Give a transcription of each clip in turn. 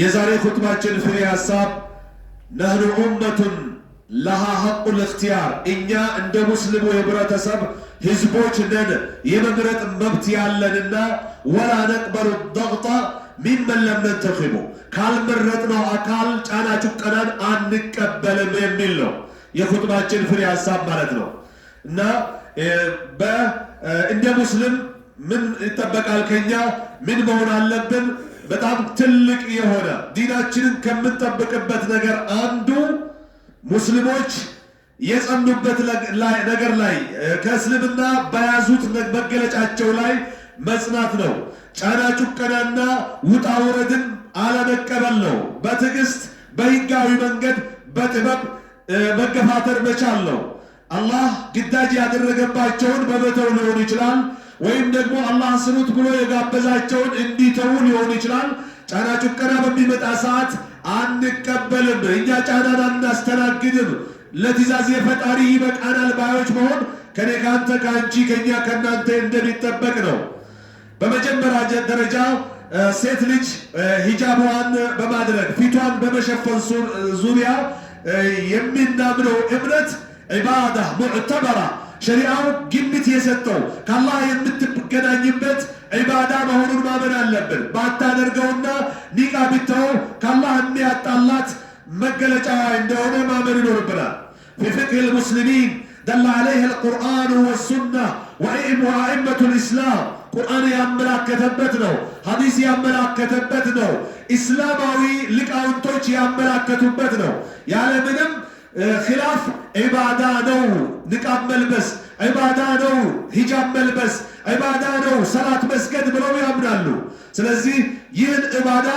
የዛሬ ኩትባችን ፍሬ ሀሳብ ነህኑ ኡመቱን ለሃ ሐቁል እክትያር እኛ እንደ ሙስሊሙ የህብረተሰብ ህዝቦች ነን የመምረጥ መብት ያለንና ወላ ነቅበሉ ደቅጣ ሚመን ለም ነንተኺቡ ካልመረጥነው አካል ጫና ጭቆናን አንቀበልም የሚል ነው የኩጥባችን ፍሬ ሀሳብ ማለት ነው። እና እንደ ሙስሊም ምን ይጠበቃል ከኛ ምን መሆን አለብን? በጣም ትልቅ የሆነ ዲናችንን ከምንጠብቅበት ነገር አንዱ ሙስሊሞች የጸኑበት ነገር ላይ ከእስልምና በያዙት መገለጫቸው ላይ መጽናት ነው። ጫና ጩቀናና ውጣ ውረድን አለመቀበል ነው። በትዕግስት በህጋዊ መንገድ በጥበብ መገፋተር መቻል ነው። አላህ ግዳጅ ያደረገባቸውን በመተው ሊሆን ይችላል። ወይም ደግሞ አላህ ስሩት ብሎ የጋበዛቸውን እንዲተዉ ሊሆን ይችላል። ጫና ጩቀና በሚመጣ ሰዓት አንቀበልም፣ እኛ ጫናን አናስተናግድም፣ ለትእዛዝ የፈጣሪ ይበቃናል ባዮች መሆን ከኔ ከአንተ ከአንቺ ከእኛ ከእናንተ እንደሚጠበቅ ነው። በመጀመሪያ ደረጃ ሴት ልጅ ሂጃቧን በማድረግ ፊቷን በመሸፈን ዙሪያ የሚናምነው እምነት ዒባዳ ሙዕተበራ ሸሪዓው ግምት የሰጠው ከአላህ የምትገናኝበት ዒባዳ መሆኑን ማመን አለብን። ባታደርገውና ኒቃ ብተው ከአላህ የሚያጣላት መገለጫ እንደሆነ ማመን ይኖርብናል። ፊ ፍቅህ ልሙስሊሚን ደላ ዓለይህ ልቁርአኑ ወሱና ወአኢመቱ ልእስላም ቁርአን ያመላከተበት ነው። ሀዲስ ያመላከተበት ነው። ኢስላማዊ ሊቃውንቶች ያመላከቱበት ነው ያለምንም ኪላፍ ዒባዳ ነው። ንቃብ መልበስ ዒባዳ ነው። ሂጃብ መልበስ ዒባዳ ነው። ሰላት መስገድ ብለው ያምናሉ። ስለዚህ ይህን ዒባዳ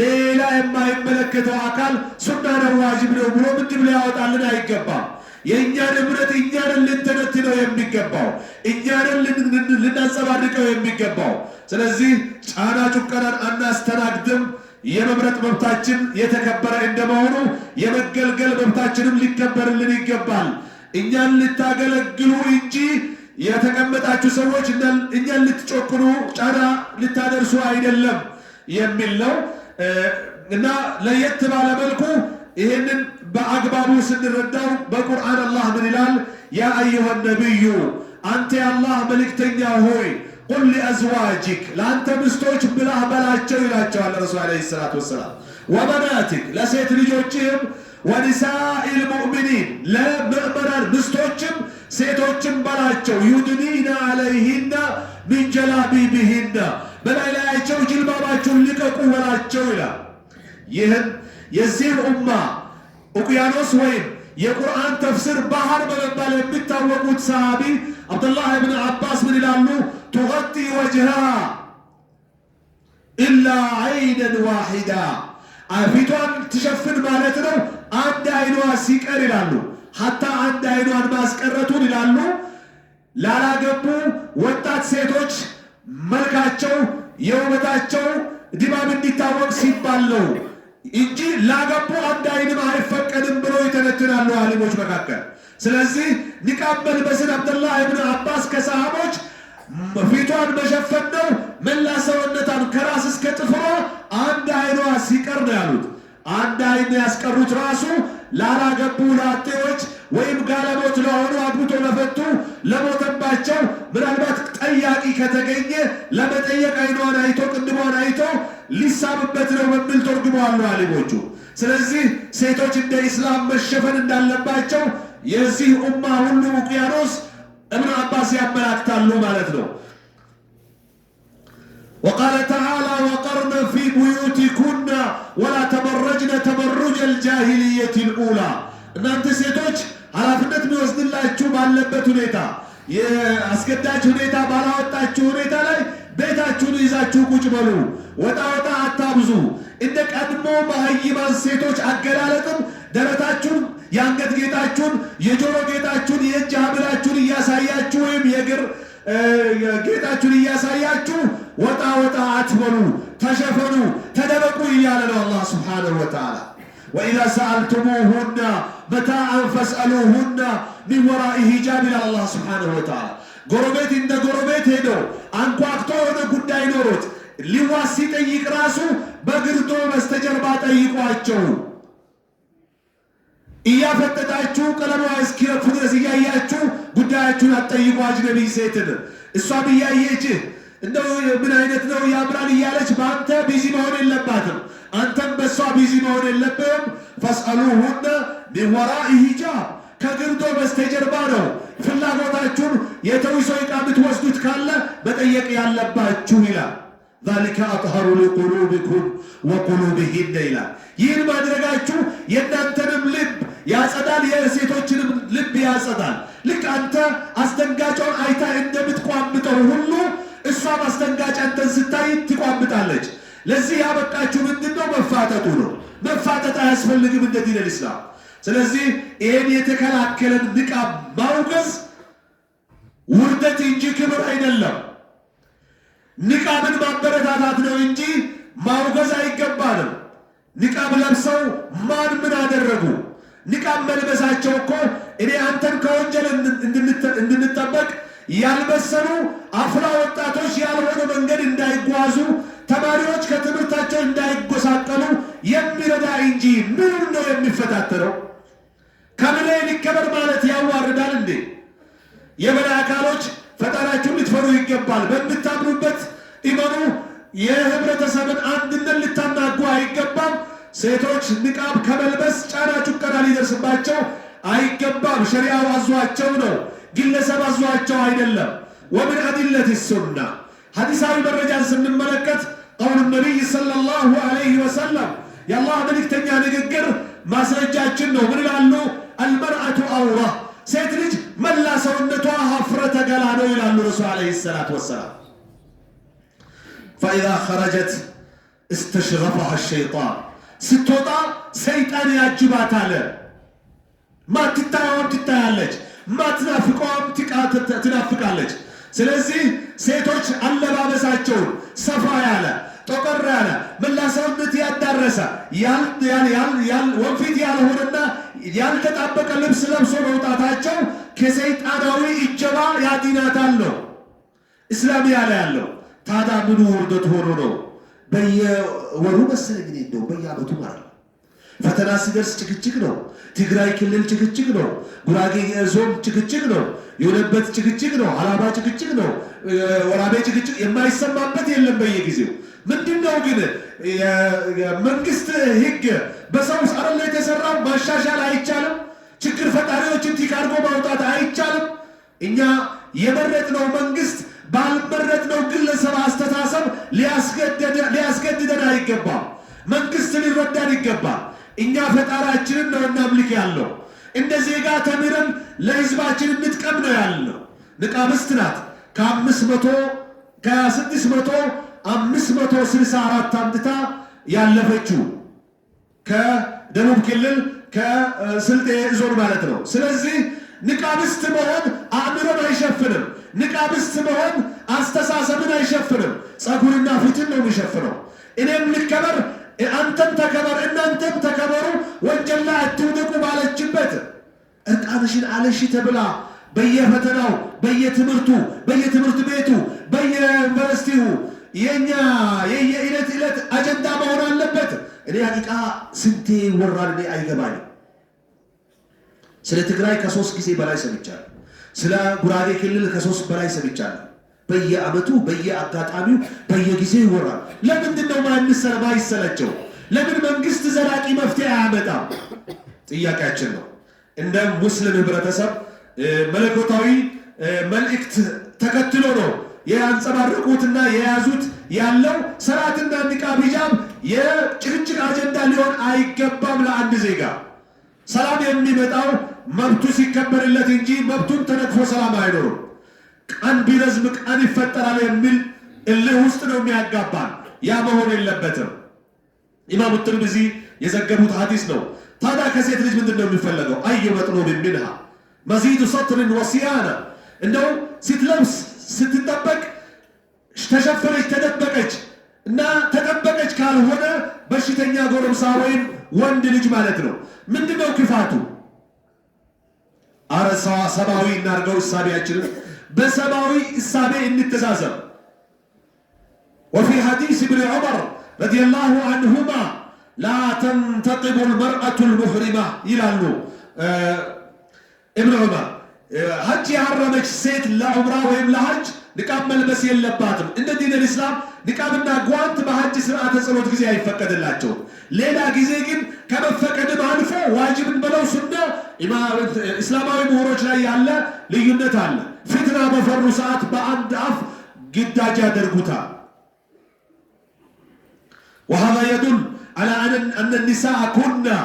ሌላ የማይመለከተው አካል ሱና ነው፣ ዋጅብ ነው ብሎ ምድብ ሊያወጣልን አይገባም። የእኛን እምነት እኛንን ልንተነትነው የሚገባው እኛንን ልናንጸባርቀው የሚገባው ስለዚህ ጫና ጩቀናን አናስተናግድም። የመምረጥ መብታችን የተከበረ እንደመሆኑ የመገልገል መብታችንም ሊከበርልን ይገባል። እኛን ልታገለግሉ እንጂ የተቀመጣችሁ ሰዎች እኛን ልትጮክኑ፣ ጫና ልታደርሱ አይደለም የሚል ነው እና ለየት ባለ መልኩ ይህንን በአግባቡ ስንረዳው በቁርአን አላህ ምን ይላል? ያ አየሆን ነቢዩ አንተ የአላህ መልእክተኛ ሆይ ሁል አዝዋጅክ ለአንተ ሚስቶች ብላህ በላቸው ይላቸዋል ረሱል ዓለይሂ ሰላቱ ወሰላም። ወበናቲክ ለሴት ልጆችህም፣ ወኒሳኢል ሙእሚኒን ለምዕመናን ሚስቶችም ሴቶችም በላቸው። ዩድኒና አለይሂና ሚን ጀላቢቢሂና በላይ ላያቸው ልቀቁ በላቸው ይላል። ይህም የዚህም ኡማ ኡቅያኖስ ወይም የቁርአን ተፍሲር ባህር በመባል የሚታወቁት ሰሃቢ አብዱላህ ብን አባስ ምን ይላሉ? ትغጢ ወጅሃ ኢላ አይነን ዋሂዳ ፊቷን ትሸፍን ማለት ነው። አንድ አይኗ ሲቀር ይላሉ ሀታ አንድ አይኗን ማስቀረቱን ይላሉ ላላገቡ ወጣት ሴቶች መልካቸው የውበታቸው ድባብ እንዲታወቅ ሲባል ነው እንጂ ላገቡ አንድ አይንም አይፈቀድም ብሎ ይተነትናሉ አሊሞች መካከል። ስለዚህ ኒቃብ መልበስን አብደላህ እብን አባስ ከሰሃቦች ፊቷን መሸፈን ነው። መላ ሰውነቷን ከራስ እስከ ጥፍሯ አንድ አይኗ ሲቀር ነው ያሉት። አንድ አይን ያስቀሩት ራሱ ላላገቡ ላጤዎች ወይም ጋለሞት ለሆኑ አግብቶ ለፈቱ ለሞተባቸው ምናልባት ጠያቂ ከተገኘ ለመጠየቅ አይኗን አይቶ ቅንድቧን አይቶ ሊሳብበት ነው በሚል ተርጉመዋል አሊሞቹ። ስለዚህ ሴቶች እንደ ኢስላም መሸፈን እንዳለባቸው የዚህ ኡማ ሁሉ ውቅያኖስ እብን ያመላክታሉ ማለት ነው። ወቃለ ተዓላ ወቀርነ ፊ ቡዩቲኩና ወላ ተበረጅነ ተበሩጅ አልጃሂልየት ልኡላ እናንተ ሴቶች ኃላፊነት የሚወስድላችሁ ባለበት ሁኔታ የአስገዳጅ ሁኔታ ባላወጣችሁ ሁኔታ ላይ ቤታችሁን ይዛችሁ ቁጭ በሉ። ወጣ ወጣ አታብዙ። እንደ ቀድሞ መሃይማን ሴቶች አገላለጥም ደረታችሁን፣ የአንገት ጌጣችሁን፣ የጆሮ ጌጣችሁን፣ የእጅ ሀብላችሁን እያሳያችሁ ወይም የእግር ጌጣችሁን እያሳያችሁ ወጣ ወጣ አትበሉ፣ ተሸፈኑ፣ ተደበቁ እያለ ነው አላህ ስብሓነሁ ወተዓላ። ወኢዛ ሰአልቱሙሁና መታአን ፈስአሉሁና ሚን ወራኢ ሂጃብ ይላል አላህ ስብሓነሁ ወተዓላ ጎረቤት እንደ ጎረቤት ሄደው አንኳክቶ የሆነ ጉዳይ ኖሮት ሊዋስ ሲጠይቅ ራሱ በግርዶ በስተጀርባ ጠይቋቸው። እያፈጠጣችሁ ቀለማ እስኪረፍ ድረስ እያያችሁ ጉዳያችሁን አትጠይቋች። ነቢይ ሴትን እሷም እያየች እንደው ምን አይነት ነው ያምራል እያለች በአንተ ቢዚ መሆን የለባትም፣ አንተም በእሷ ቢዚ መሆን የለብም። ፈስአሉሁነ ሚን ወራኢ ሂጃብ ከግርዶ በስተጀርባ ነው ፍላጎታችሁን የተውሶ ዕቃ ብትወስዱት ካለ መጠየቅ ያለባችሁ ይላል። ዛሊከ አጥሀሩ ሊቁሉቢኩም ወቁሉቢሂነ ይላል። ይህን ማድረጋችሁ የእናንተንም ልብ ያጸዳል፣ የሴቶችንም ልብ ያጸዳል። ልክ አንተ አስደንጋጯን አይታ እንደምትቋምጠው ሁሉ እሷም አስደንጋጭ አንተን ስታይ ትቋምጣለች። ለዚህ ያበቃችሁ ምንድን መፋጠጡ ነው። መፋጠጥ አያስፈልግም። እንደዚህ ኢስላም ስለዚህ ይህን የተከላከለን ንቃ ማውገዝ ውርደት እንጂ ክብር አይደለም። ንቃብን ማበረታታት ነው እንጂ ማውገዝ አይገባንም። ንቃብ ለብሰው ማን ምን አደረጉ? ንቃብ መልበሳቸው እኮ እኔ አንተን ከወንጀል እንድንጠበቅ ያልበሰሉ አፍላ ወጣቶች ያልሆነ መንገድ እንዳይጓዙ ተማሪዎች ከትምህርታቸው እንዳይጎሳቀሉ የሚረዳ እንጂ ምኑን ነው የሚፈታተነው? ከምን ላይ ሊከበር ማለት ያዋርዳል እንዴ? የበላይ አካሎች ፈጣሪያችሁን ልትፈሩ ይገባል። በምታምኑበት ኢመኑ። የህብረተሰብን አንድነት ልታናጉ አይገባም። ሴቶች ንቃብ ከመልበስ ጫና ጩቀና ሊደርስባቸው አይገባም። ሸሪያው አዟቸው ነው፣ ግለሰብ አዟቸው አይደለም። ወምን አዲለት ሱና ሀዲሳዊ መረጃን ስንመለከት ቀውል ነቢይ ሰለላሁ አለይህ ወሰለም የአላህ መልእክተኛ ንግግር ማስረጃችን ነው። ምን ይላሉ? አልመርአቱ አውራ ሴት ልጅ መላ ሰውነቷ ሀፍረተ ገላ ነው ይላሉ ረሱል ዓለይሂ ሰላቱ ወሰላም። ፈኢዛ ኸረጀት እስተሽረፈሃ ሸይጣን ስትወጣ ሰይጣን ያጅባት አለ። ማትታየዋም ትታያለች፣ ማትናፍቀዋም ትናፍቃለች። ስለዚህ ሴቶች አለባበሳቸውን ሰፋ ያለ ጠቆር ያለ መላ ሰውነት ያዳረሰ ወንፊት ያልሆነና ያልተጣበቀ ልብስ ለብሶ መውጣታቸው ከሰይጣናዊ እጀባ ያዲናታል ነው እስላም ያለ ያለው። ታዲያ ምኑ ውርደት ሆኖ ነው? በየወሩ መሰለኝ እኔ እንደው በየአመቱ ማለት ፈተና ሲደርስ ጭቅጭቅ ነው። ትግራይ ክልል ጭቅጭቅ ነው። ጉራጌ ዞን ጭቅጭቅ ነው። የሆነበት ጭቅጭቅ ነው። አላባ ጭቅጭቅ ነው። ወራቤ ጭቅጭቅ የማይሰማበት የለም በየጊዜው ምንድነው ግን የመንግስት ህግ በሰው አረለ የተሰራ ማሻሻል አይቻልም። ችግር ፈጣሪዎችን ቲካርጎ ማውጣት አይቻልም። እኛ የመረጥነው መንግስት ባልመረጥነው ግለሰብ አስተሳሰብ ሊያስገድደን አይገባም። መንግስት ሊረዳን ይገባል። እኛ ፈጣሪያችንን ነው እናምልክ ያለው። እንደ ዜጋ ተምረን ለህዝባችን እንጥቀም ነው ያለው። ንቃብስት ናት ከአምስት መቶ ከስድስት መቶ አምስት መቶ ስልሳ አምጥታ ያለፈችው ከደቡብ ክልል ከስልጤ ዞን ማለት ነው። ስለዚህ ንቃብስት መሆን አእምሮን አይሸፍንም። ንቃብስት መሆን አስተሳሰብን አይሸፍንም። ጸጉርና ፊትን ነው የሚሸፍነው። እኔም ልከበር፣ አንተም ተከበር፣ እናንተም ተከበሩ፣ ወንጀል ላይ አትውደቁ ባለችበት እርቃንሽን አለሺ ተብላ በየፈተናው በየትምህርቱ በየትምህርት ቤቱ በየዩኒቨርሲቲው የኛ የዕለት ዕለት አጀንዳ መሆን አለበት። እኔ ሀቂቃ ስንቴ ይወራል እኔ አይገባኝ። ስለ ትግራይ ከሶስት ጊዜ በላይ ሰምቻለሁ። ስለ ጉራጌ ክልል ከሶስት በላይ ሰምቻለሁ። በየአመቱ በየአጋጣሚው በየጊዜው ይወራል። ለምንድን ነው ማንሰማ ማይሰለቸው? ለምን መንግስት ዘላቂ መፍትሄ አያመጣም? ጥያቄያችን ነው። እንደ ሙስሊም ህብረተሰብ መለኮታዊ መልእክት ተከትሎ ነው ያንጸባረቁትና የያዙት ያለው ስርዓትና ንቃብ ሂጃብ የጭቅጭቅ አጀንዳ ሊሆን አይገባም። ለአንድ ዜጋ ሰላም የሚመጣው መብቱ ሲከበርለት እንጂ መብቱን ተነቅፎ ሰላም አይኖርም። ቀን ቢረዝም ቀን ይፈጠራል የሚል እልህ ውስጥ ነው የሚያጋባል። ያ መሆን የለበትም። ኢማሙ ትርሚዚ የዘገቡት ሀዲስ ነው። ታዲያ ከሴት ልጅ ምንድን ነው የሚፈለገው? አይ መጥሎብ መዚዱ ሰትርን ወሲያና እንደው ሲትለብስ ስትጠበቅ ተሸፈነች፣ ተጠበቀች እና ተጠበቀች ካልሆነ በሽተኛ ጎረምሳ ወይም ወንድ ልጅ ማለት ነው። ምንድን ነው ክፋቱ? አረ ሰብአዊ እናድርገው እሳቤያችንን፣ በሰብአዊ እሳቤ እንተሳሰብ። ወፊ ሐዲስ ብን ዑመር ረዲየላሁ አንሁማ ላ ተንተጥቡ ልመርአቱ ልሙሕሪማ ይላሉ እብን ዑመር ሀጅ ያረመች ሴት ለዑምራ ወይም ለሀጅ ንቃብ መልበስ የለባትም። እንደ ዲን ልእስላም ንቃብና ጓንት በሀጅ ስርዓተ ጸሎት ጊዜ አይፈቀድላቸውም። ሌላ ጊዜ ግን ከመፈቀድም አልፎ ዋጅብን በለው ሱና እስላማዊ ምሁሮች ላይ ያለ ልዩነት አለ። ፊትና በፈሩ ሰዓት በአንድ አፍ ግዳጅ ያደርጉታል። وهذا يدل على أن النساء كنا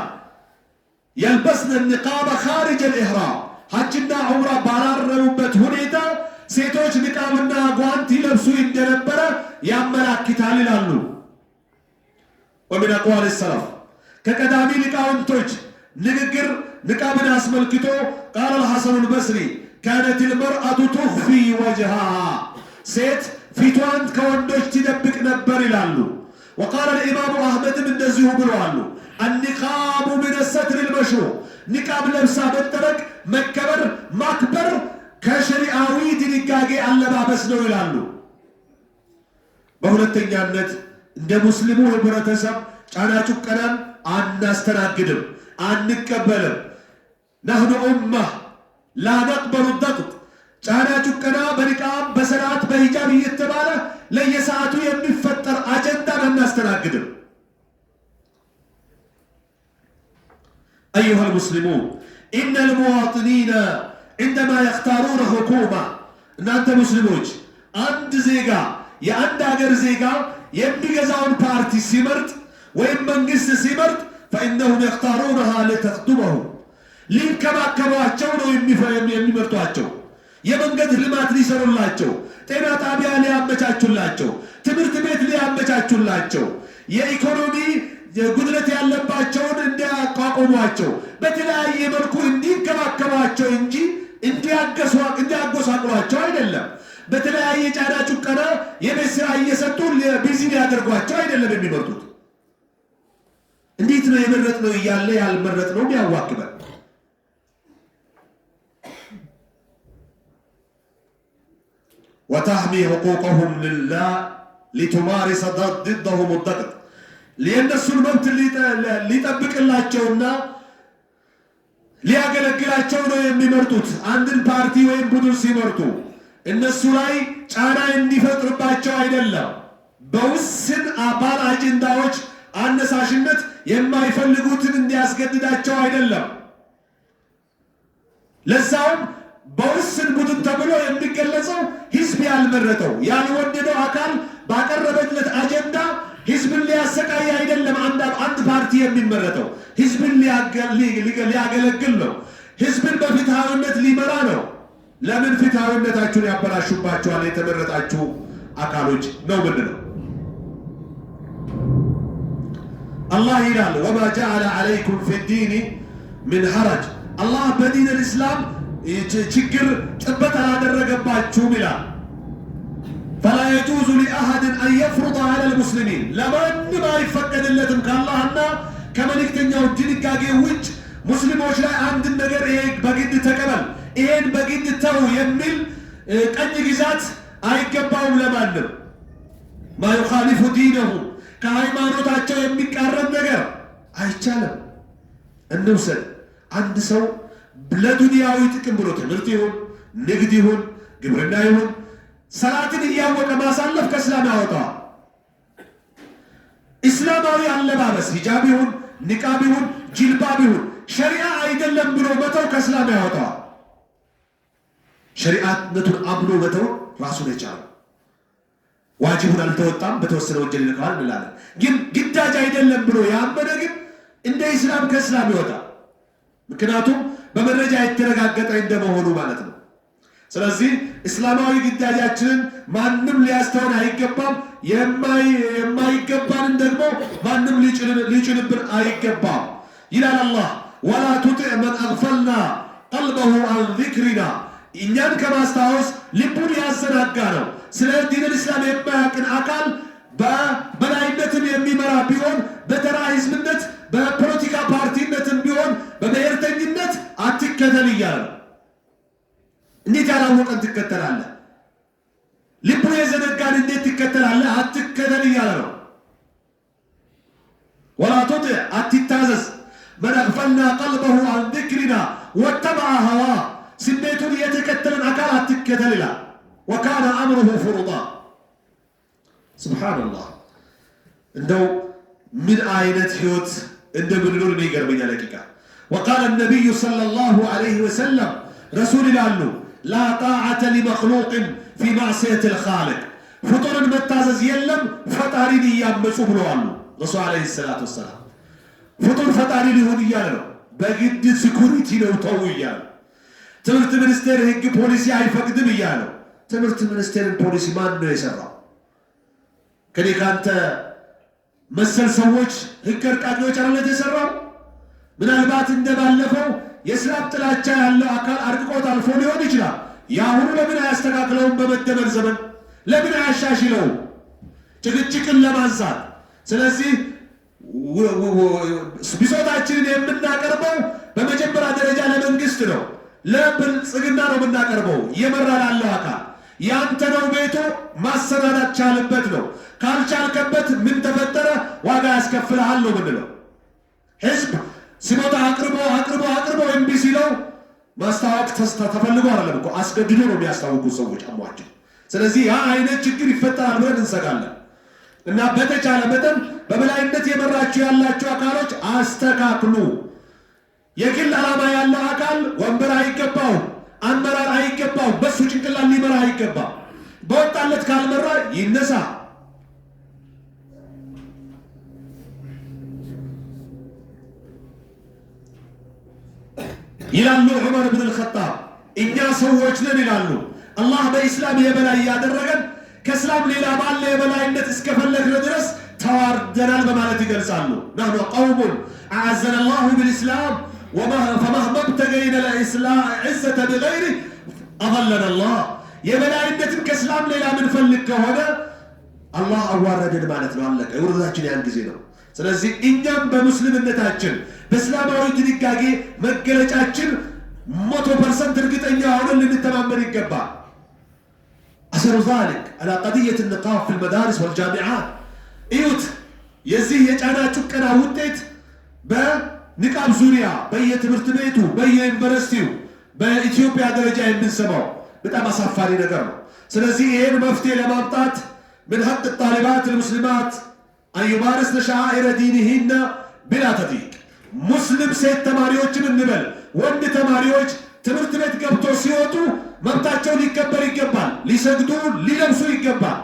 يلبسن النقاب خارج الإحرام ሐጅና ዑምራ ባላረሩበት ሁኔታ ሴቶች ንቃብና ጓንት ይለብሱ እንደነበረ ያመላክታል ይላሉ። ወሚን አቅዋል ሰላፍ ከቀዳሚ ሊቃውንቶች ንግግር ንቃብን አስመልክቶ ቃል አልሐሰኑል በስሪ ካነት ልመርአቱ ቱኽፊ ወጅሃሃ ሴት ፊቷን ከወንዶች ትደብቅ ነበር ይላሉ። ወቃል ልኢማሙ አሕመድም እንደዚሁ ብለዋሉ። አንቃቡ ምንሰትር ልበሹ ኒቃብ ለብሳ መጠበቅ መከበር ማክበር ከሸሪአዊ ድንጋጌ አለባበስ ነው ይላሉ። በሁለተኛነት እንደ ሙስሊሙ ህብረተሰብ ጫና ጩቀናን አናስተናግድም፣ አንቀበልም። ናህኑ ኡማ ላነቅበሉ ደቅት ጫና ጩቀና በንቃብ በሰላት በሂጃብ እየተባለ ለየሰዓቱ የሚፈጠር አጀንዳን አናስተናግድም። أيها المسلمون إن المواطنين عندما يختارون حكومة እናንተ ሙስሊሞች አንድ ዜጋ የአንድ ሀገር ዜጋ የሚገዛውን ፓርቲ ሲመርጥ ወይም መንግስት ሲመርጥ ፈኢነሁም የክታሩነሃ ልተክቱመሁ ሊንከባከቧቸው ነው የሚመርጧቸው። የመንገድ ልማት ሊሰሩላቸው፣ ጤና ጣቢያ ሊያመቻቹላቸው፣ ትምህርት ቤት ሊያመቻቹላቸው፣ የኢኮኖሚ የጉድለት ያለባቸውን እንዲያቋቁሟቸው በተለያየ መልኩ እንዲንከባከባቸው እንጂ እንዲያጎሳቅሏቸው አይደለም። በተለያየ ጫና ጩቀና የቤት ስራ እየሰጡ ቢዚ ሊያደርጓቸው አይደለም የሚመርጡት። እንዴት ነው የመረጥ ነው እያለ ያልመረጥ ነው ያዋክበል። ወታህሚ ሑቁቀሁም ልላ ሊቱማሪሰ ضدهم ደቅጥ የእነሱን መብት ሊጠብቅላቸውና ሊያገለግላቸው ነው የሚመርጡት። አንድን ፓርቲ ወይም ቡድን ሲመርጡ እነሱ ላይ ጫና እንዲፈጥርባቸው አይደለም። በውስን አባል አጀንዳዎች አነሳሽነት የማይፈልጉትን እንዲያስገድዳቸው አይደለም። ለዛውም በውስን ቡድን ተብሎ የሚገለጸው ህዝብ ያልመረጠው ያልወደደው አካል ባቀረበለት አጀንዳ ህዝብን ሊያሰቃይ አይደለም። አንድ ፓርቲ የሚመረጠው ህዝብን ሊያገለግል ነው። ህዝብን በፍትሐዊነት ሊመራ ነው። ለምን ፍትሐዊነታችሁን ያበላሹባችኋል? የተመረጣችሁ አካሎች ነው። ምን ነው አላህ ይላል ወማ ጀዐለ ዐለይኩም ፊዲኒ ምን ሐረጅ አላህ በዲን አልእስላም ችግር ጥበት አላደረገባችሁም ይላል። ፈላ የጁዙ ሊአሐድን አን የፍሩጠ ዐለል ሙስሊሚን ለማንም አይፈቀድለትም ከአላህና ከመልእክተኛው ድንጋጌ ውጭ ሙስሊሞች ላይ አንድን ነገር ይሄ በግድ ተቀበል፣ ይሄን በግድ ተው የሚል ቀኝ ግዛት አይገባውም ለማንም። ማዩኻሊፉ ዲነሁ ከሃይማኖታቸው የሚቃረን ነገር አይቻልም። እንውሰድ አንድ ሰው ለዱንያዊ ጥቅም ብሎ ትምህርት ይሁን ንግድ ይሁን ግብርና ይሁን ሰላትን እያወቀ ማሳለፍ ከእስላም ያወጣዋል። እስላማዊ አለባበስ ሂጃብ ይሁን ንቃብ ይሁን ጅልባብ ይሁን ሸሪዓ አይደለም ብሎ መተው ከእስላም ያወጣዋል። ሸሪዓነቱን አምኖ መተው ራሱን የቻለ ዋጅቡን አልተወጣም በተወሰነ ወንጀል ይነካል እንላለን። ግን ግዳጅ አይደለም ብሎ ያመነ ግን እንደ ኢስላም ከእስላም ይወጣል። ምክንያቱም በመረጃ የተረጋገጠ እንደመሆኑ ማለት ነው። ስለዚህ እስላማዊ ግዳጃችንን ማንም ሊያስተውን አይገባም። የማይገባንን ደግሞ ማንም ሊጭንብን አይገባም ይላል አላህ። ወላ ቱጢዕ መን አግፈልና ቀልበሁ አን ዚክሪና፣ እኛን ከማስታወስ ልቡን ያዘናጋ ነው። ስለ ዲነል እስላም የማያውቅን አካል በበላይነትም የሚመራ ቢሆን በተራ ህዝብነት፣ በፖለቲካ ፓርቲነትም ቢሆን፣ በብሔርተኝነት አትከተል እያለ እንዴት ያላወቀን ትከተላለህ? ልቡን የዘነጋን እንዴት ትከተላለህ? አትከተል እያለ ነው። ወላ ቱጢዕ አትታዘዝ። መን አግፈልና ቀልበሁ አን ዚክሪና ወተበዐ ሀዋ ስሜቱን የተከተለን አካል አትከተል ይላል። ወካነ አምሩሁ ፍሩጣ ስብሓንላህ። እንደው ምን አይነት ህይወት እንደምንኖር እኔ ይገርመኛል። ደቂቃ ወቃለ ነቢዩ ሰለላሁ ዐለይሂ ወሰለም ረሱል ይላሉ ላ ጣዓተ ሊመክሉቅን ፊ ማዕስየት ልኻልቅ ፍጡርን መታዘዝ የለም ፈጣሪን እያመፁ ብለዋሉ ረሱል ዓለይሂ ሰላቱ ወሰላም። ፍጡር ፈጣሪን ይሁን እያለ ነው። በግድ ሲኩሪቲ ነው ተው እያለ ትምህርት ሚኒስቴር ህግ ፖሊሲ አይፈቅድም እያለ ትምህርት ሚኒስቴርን ፖሊሲ ማን ነው የሰራው? ከኔ ከአንተ መሰል ሰዎች ህግ አርቃቂዎች አለት የሰራው ምናልባት እንደባለፈው የስራት ጥላቻ ያለው አካል አርቅቆት አልፎ ሊሆን ይችላል። የአሁኑ ለምን አያስተካክለውም? በመደመር ዘመን ለምን አያሻሽለው? ጭቅጭቅን ለማንሳት ስለዚህ ቢሶታችንን የምናቀርበው በመጀመሪያ ደረጃ ለመንግስት ነው፣ ለብልጽግና ነው የምናቀርበው። እየመራ ላለው አካል ያንተ ነው ቤቱ ማሰናዳት ቻልበት ነው። ካልቻልከበት ምን ተፈጠረ? ዋጋ ያስከፍልሃል ነው ምንለው ህዝብ ስጦታ አቅርቦ አቅርቦ አቅርቦ እምቢ ሲለው ማስታወቅ ተፈልጎ አይደለም እኮ አስገድዶ ነው የሚያስታውቁ ሰዎች አሟቸው። ስለዚህ ያ አይነት ችግር ይፈጠራል ብለን እንሰጋለን እና በተቻለ መጠን በበላይነት የመራችሁ ያላችሁ አካሎች አስተካክሉ። የግል ዓላማ ያለው አካል ወንበር አይገባው አመራር አይገባው በሱ ጭንቅላት ሊመራ አይገባ። በወጣለት ካልመራ ይነሳ። ይላሉ ዑመር ብን አልኸጣብ። እኛ ሰዎች ነን ይላሉ። አላህ በኢስላም የበላይ ያደረገን ከእስላም ሌላ ባለ የበላይነት እስከፈለግነ ድረስ ተዋርደናል በማለት ይገልጻሉ። ናኑ ቀውሙን አዓዘና አላሁ ብልእስላም ፈመህመም ተገይነ ለእስላም ዕዘተ ብገይሪ አበለን አላህ። የበላይነትን ከእስላም ሌላ ምንፈልግ ከሆነ አላህ አዋረደን ማለት ነው። አለቀ። ውርዳችን ያን ጊዜ ነው። ስለዚህ እኛም በሙስልምነታችን በእስላማዊ ድንጋጌ መገለጫችን መቶ ፐርሰንት እርግጠኛ ሆነን ልንተማመን ይገባል። አሰሩ ዛሊክ አላ ቀድየት ንቃፍ ፊ ልመዳሪስ ወልጃሚዓት እዩት። የዚህ የጫና ጭቀና ውጤት በንቃብ ዙሪያ በየትምህርት ቤቱ በየዩኒቨርሲቲው በኢትዮጵያ ደረጃ የምንሰማው በጣም አሳፋሪ ነገር ነው። ስለዚህ ይህን መፍትሄ ለማምጣት ምን ሀቅ ጣሊባት ልሙስሊማት አንዩማርስ ነሻኢረ ዲኒሂና ብላ ተጢቅ ሙስሊም ሴት ተማሪዎችን እንበል ወንድ ተማሪዎች ትምህርት ቤት ገብቶ ሲወጡ መብታቸው ሊከበር ይገባል። ሊሰግዱ ሊለብሱ ይገባል።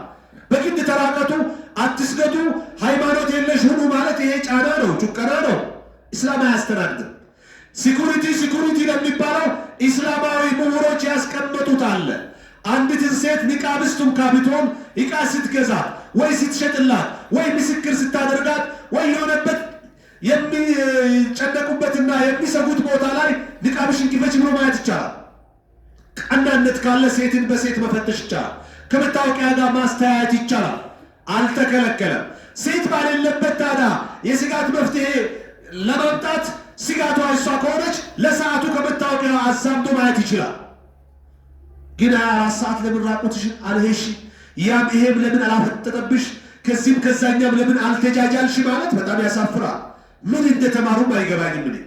በግድ ተራቀቱ፣ አትስገዱ፣ ሃይማኖት የለሽ ሁኑ ማለት ይሄ ጫና ነው፣ ጩቀና ነው። እስላም አያስተናግድም። ሲኩሪቲ ሲኩሪቲ ለሚባለው እስላማዊ ምሁሮች ያስቀመጡት አለ አንዲትን ሴት ንቃብስቱም ካብቶም ዕቃ ስትገዛት ወይ ስትሸጥላት ወይ ምስክር ስታደርጋት ወይ የሆነበት የሚጨነቁበትና የሚሰጉት ቦታ ላይ ንቃብሽን ክፈች ብሎ ማየት ይቻላል። ቀናነት ካለ ሴትን በሴት መፈተሽ ይቻላል። ከመታወቂያ ጋር ማስተያየት ይቻላል። አልተከለከለም። ሴት ባሌለበት ታዲያ የስጋት መፍትሄ ለማምጣት ስጋቷ እሷ ከሆነች ለሰዓቱ ከመታወቂያ አዛምቶ ማየት ይችላል። ግን ሀያ አራት ሰዓት ለምን ራቁትሽን አልሄሽ? ያም ይሄም ለምን አላፈጠጠብሽ? ከዚህም ከዛኛም ለምን አልተጃጃልሽ? ማለት በጣም ያሳፍራል። ምን እንደተማሩም አይገባኝም። እኔ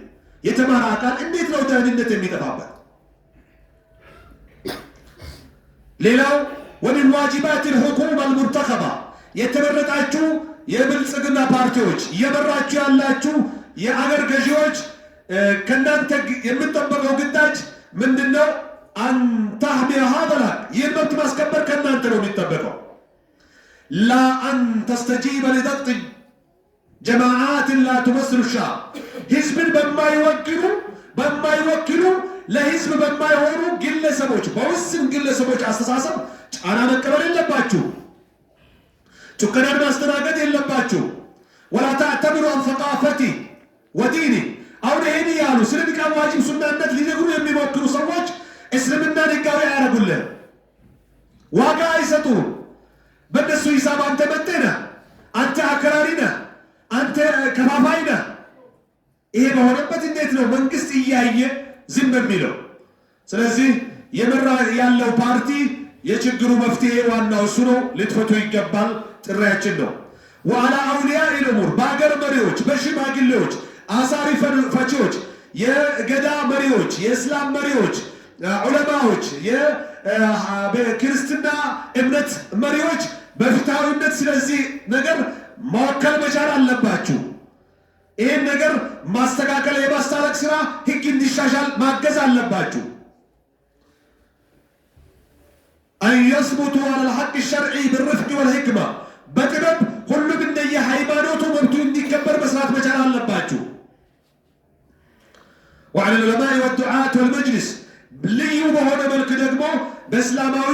የተማረ አካል እንዴት ነው ደህንነት የሚጠፋበት? ሌላው ወሚን ዋጅባት ልሁኩም አልሙርተከባ የተመረጣችሁ የብልጽግና ፓርቲዎች እየመራችሁ ያላችሁ የአገር ገዢዎች ከእናንተ የምጠበቀው ግዳጅ ምንድን ነው? አንታህ ቢሃ በላ ይህን መብት ማስከበር ከእናንተ ነው የሚጠበቀው። ላ አንተስተጂበ ሊጠጥ ጀማዓትን ላ ቱመስሉ ሻ ህዝብን በማይወግኑ በማይወክሉ ለህዝብ በማይሆኑ ግለሰቦች በውስን ግለሰቦች አስተሳሰብ ጫና መቀበል የለባችሁ። ጭቆናን ማስተናገድ የለባችሁ። ወላ ተዕተብሩ አን ሰቃፈቲ ወዲኒ አሁን ይህን ያሉ ስለ ኒቃብ ዋጅብ ሱናነት ሊነግሩ የሚሞክሩ ሰዎች እስልምና ድጋሚ አያረጉልን፣ ዋጋ አይሰጡ በእነሱ ሂሳብ አንተ መጤ ነህ፣ አንተ አከራሪ ነህ፣ አንተ ከፋፋይ ነህ። ይሄ በሆነበት እንዴት ነው መንግስት እያየ ዝም በሚለው? ስለዚህ የመራ ያለው ፓርቲ የችግሩ መፍትሄ ዋናው እሱ ነው። ልትፈቱ ይገባል ጥሪያችን ነው። ዋላ አውሊያ ኢልሙር በአገር መሪዎች፣ በሽማግሌዎች፣ አሳሪ ፈቺዎች፣ የገዳ መሪዎች፣ የእስላም መሪዎች ዑለማዎች የክርስትና እምነት መሪዎች በፍትሐዊነት ስለዚህ ነገር መወከል መቻል አለባችሁ። ይህን ነገር ማስተካከል የማስታረቅ ስራ ህግ እንዲሻሻል ማገዝ አለባችሁ። ሸርዒ ብርፍቅ በጥበብ ሁሉም እንደየ ሃይማኖቱ መብቱ እንዲከበር መስራት መቻል አለባችሁ። ወዱዓት ልዩ በሆነ መልክ ደግሞ በእስላማዊ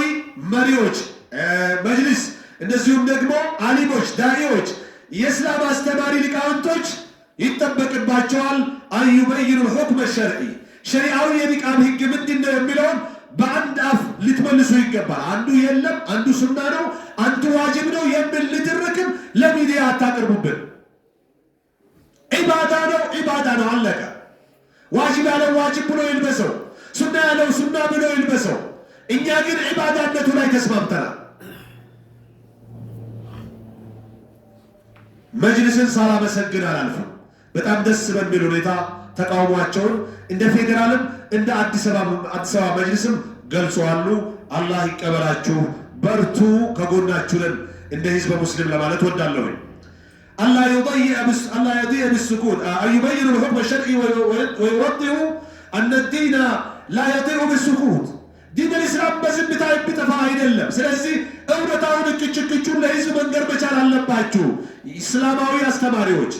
መሪዎች መጅሊስ እንደዚሁም ደግሞ አሊሞች፣ ዳዒዎች፣ የእስላም አስተማሪ ሊቃውንቶች ይጠበቅባቸዋል። አንዩበይኑ ሑክመ ሸርዒ ሸሪዓዊ የሊቃም ህግ ምንድን ነው የሚለውን በአንድ አፍ ልትመልሱ ይገባል። አንዱ የለም አንዱ ሱና ነው አንዱ ዋጅብ ነው የሚል ልትርክም ለሚዲያ አታቅርቡብን። ኢባዳ ነው ኢባዳ ነው አለቀ። ዋጅብ ያለ ዋጅብ ብሎ ይልበሰው። ሱና ያለው ሱና ብሎ ይልበሰው። እኛ ግን ዒባዳነቱ ላይ ተስማምተናል። መጅልስን ሳላመሰግን አላልፍም። በጣም ደስ በሚል ሁኔታ ተቃውሟቸውን እንደ ፌዴራልም እንደ አዲስ አበባ መጅልስም ገልጸዋሉ። አላህ ይቀበላችሁ፣ በርቱ፣ ከጎናችሁ ነን እንደ ህዝበ ሙስሊም ለማለት ወዳለሁ። አላ ዩበይኑ ልሑክመ ሸርዒ ወይወዲሁ አነዲና ላየጢሩ ብስኩት ዲን ኢስላም በዝምታ የሚጠፋ አይደለም። ስለዚህ እውነታውን እቅጭቅጩን ለህዝብ መንገር መቻል አለባችሁ እስላማዊ አስተማሪዎች።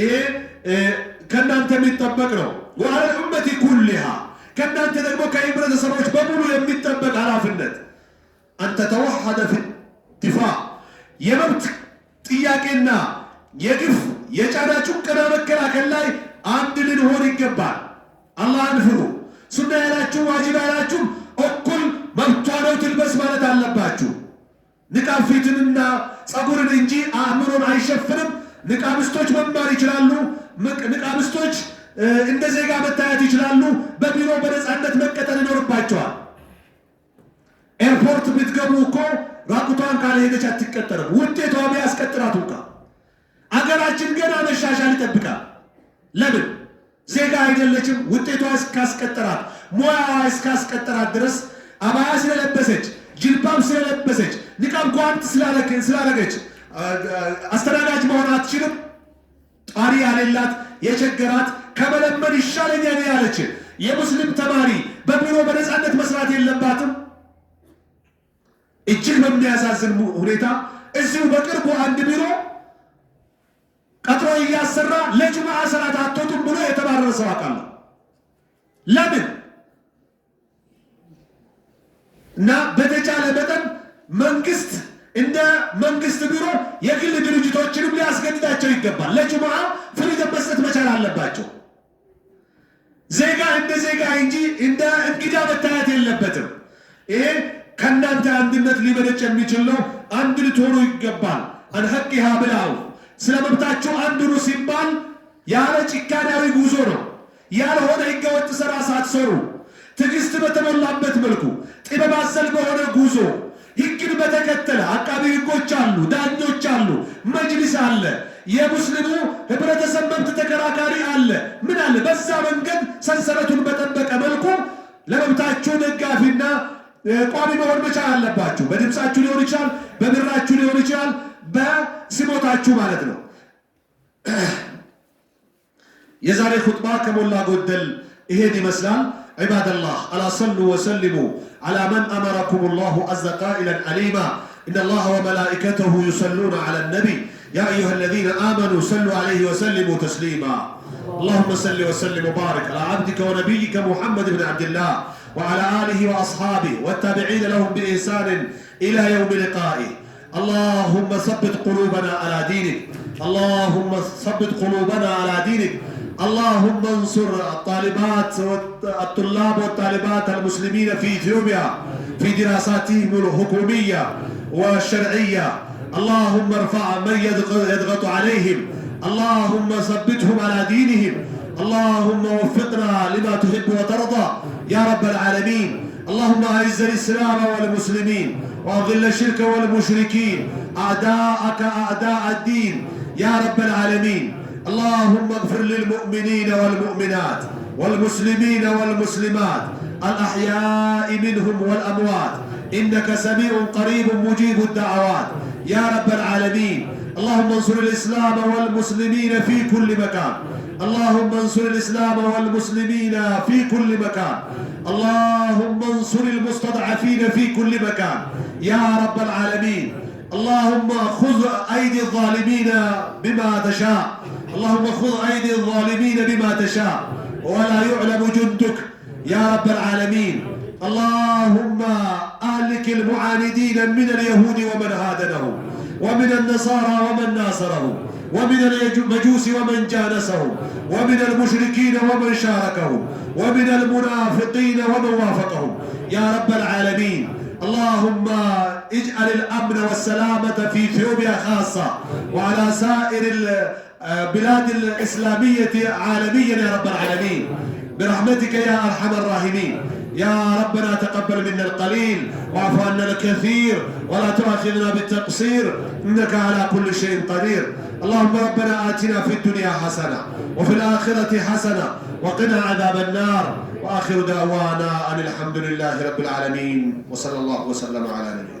ይሄ ከእናንተ የሚጠበቅ ነው። ወአለል ኡመቲ ኩሊሃ ከእናንተ ደግሞ ከህብረተሰቦች በሙሉ የሚጠበቅ ኃላፊነት አንተ ተዋሐደ ፊ የመብት ጥያቄና የግፍ የጫና ጭቆና መከላከል ላይ አንድ ልንሆን ይገባል። አላህን ፍሩ። ሱና ያላችሁ ዋጅብ ያላችሁ እኩል መብቷ ነው ትልበስ ማለት አለባችሁ። ንቃብ ፊትንና ጸጉርን እንጂ አእምሮን አይሸፍንም። ንቃብስቶች መማር ይችላሉ። ንቃብስቶች እንደ ዜጋ መታየት ይችላሉ። በቢሮ በነፃነት መቀጠል ይኖርባቸዋል። ኤርፖርት ብትገቡ እኮ ራቁቷን ካልሄደች አትቀጠርም። እስካስቀጠራት ሞያዋ እስካስቀጠራት ድረስ አባያ ስለለበሰች ጅልባብ ስለለበሰች ንቃብ ጓንት ስላረገች አስተናጋጅ መሆን አትችልም። ጣሪ ያሌላት የቸገራት ከመለመን ይሻለኛል ያለች የሙስሊም ተማሪ በቢሮ በነፃነት መስራት የለባትም። እጅግ በሚያሳዝን ሁኔታ እዚሁ በቅርቡ አንድ ቢሮ ቀጥሮ እያሰራ ለጅማ ሰላት አትወጡም ብሎ የተባረረ ሰው አውቃለሁ። ለምን እና በተቻለ መጠን መንግስት እንደ መንግስት ቢሮ የግል ድርጅቶችንም ሊያስገድዳቸው ይገባል። ለጅሙዓ ፍሪደም መስጠት መቻል አለባቸው። ዜጋ እንደ ዜጋ እንጂ እንደ እንግዳ መታየት የለበትም። ይሄ ከእናንተ አንድነት ሊመነጭ የሚችል ነው። አንድ ልትሆኑ ይገባል። አንሐቂሃ ሀብላው ስለ መብታችሁ አንድኑ ሲባል ያለ ጭካናዊ ጉዞ ነው። ያልሆነ ህገወጥ ስራ ሳትሰሩ ትዕግስት በተሞላበት መልኩ ጥበብ አዘል በሆነ ጉዞ ህግን በተከተለ አቃቢ ህጎች አሉ፣ ዳኞች አሉ፣ መጅሊስ አለ፣ የሙስሊሙ ህብረተሰብ መብት ተከራካሪ አለ። ምን አለ? በዛ መንገድ ሰንሰለቱን በጠበቀ መልኩ ለመብታችሁ ደጋፊና ቋሚ መሆን መቻል አለባችሁ። በድምፃችሁ ሊሆን ይችላል፣ በብራችሁ ሊሆን ይችላል፣ በስሞታችሁ ማለት ነው። የዛሬ ሁጥባ ከሞላ ጎደል ይሄን عباد الله ألا صلوا وسلموا على من أمركم الله አዘ قائلا አሊማ إن الله وملائكته يصلون على النبي يا أيها الذين آمنوا صلوا عليه وسلموا تسليما اللهم صل وسلم وبارك على عبدك ونبيك محمد بن عبد الله وعلى آله وأصحابه والتابعين لهم بإنسان إلى يوم لقائه اللهم ثبت قلوبنا على دينك اللهم ثبت قلوبنا على دينك اللهم انصر الطالبات والطلاب والطالبات المسلمين في اثيوبيا في دراساتهم الحكوميه والشرعيه اللهم ارفع من يضغط عليهم اللهم ثبتهم على دينهم اللهم وفقنا لما تحب وترضى يا رب العالمين اللهم اعز الاسلام والمسلمين واذل الشرك والمشركين اعداءك اعداء الدين يا رب العالمين اللهم اغفر للمؤمنين والمؤمنات والمسلمين والمسلمات الأحياء منهم والأموات إنك سميع قريب مجيب الدعوات يا رب العالمين اللهم انصر الإسلام والمسلمين في كل مكان اللهم انصر الإسلام والمسلمين في كل مكان اللهم انصر المستضعفين في كل مكان يا رب العالمين اللهم خذ أيدي الظالمين بما تشاء اللهم خذ أيدي الظالمين بما تشاء ولا يعلم جندك يا رب العالمين اللهم أهلك المعاندين من اليهود ومن هادنهم ومن النصارى ومن ناصرهم ومن المجوس ومن جالسهم ومن المشركين ومن شاركهم ومن المنافقين ومن وافقهم يا رب العالمين اللهم اجعل الأمن والسلامة في اثيوبيا خاصة وعلى سائر بلاد الإسلامية عالميا يا رب العالمين برحمتك يا أرحم الراحمين يا ربنا تقبل منا القليل واعف عنا الكثير ولا تؤاخذنا بالتقصير انك على كل شيء قدير اللهم ربنا اتنا في الدنيا حسنه وفي الاخره حسنه وقنا عذاب النار واخر دعوانا ان الحمد لله رب العالمين وصلى الله وسلم على نبينا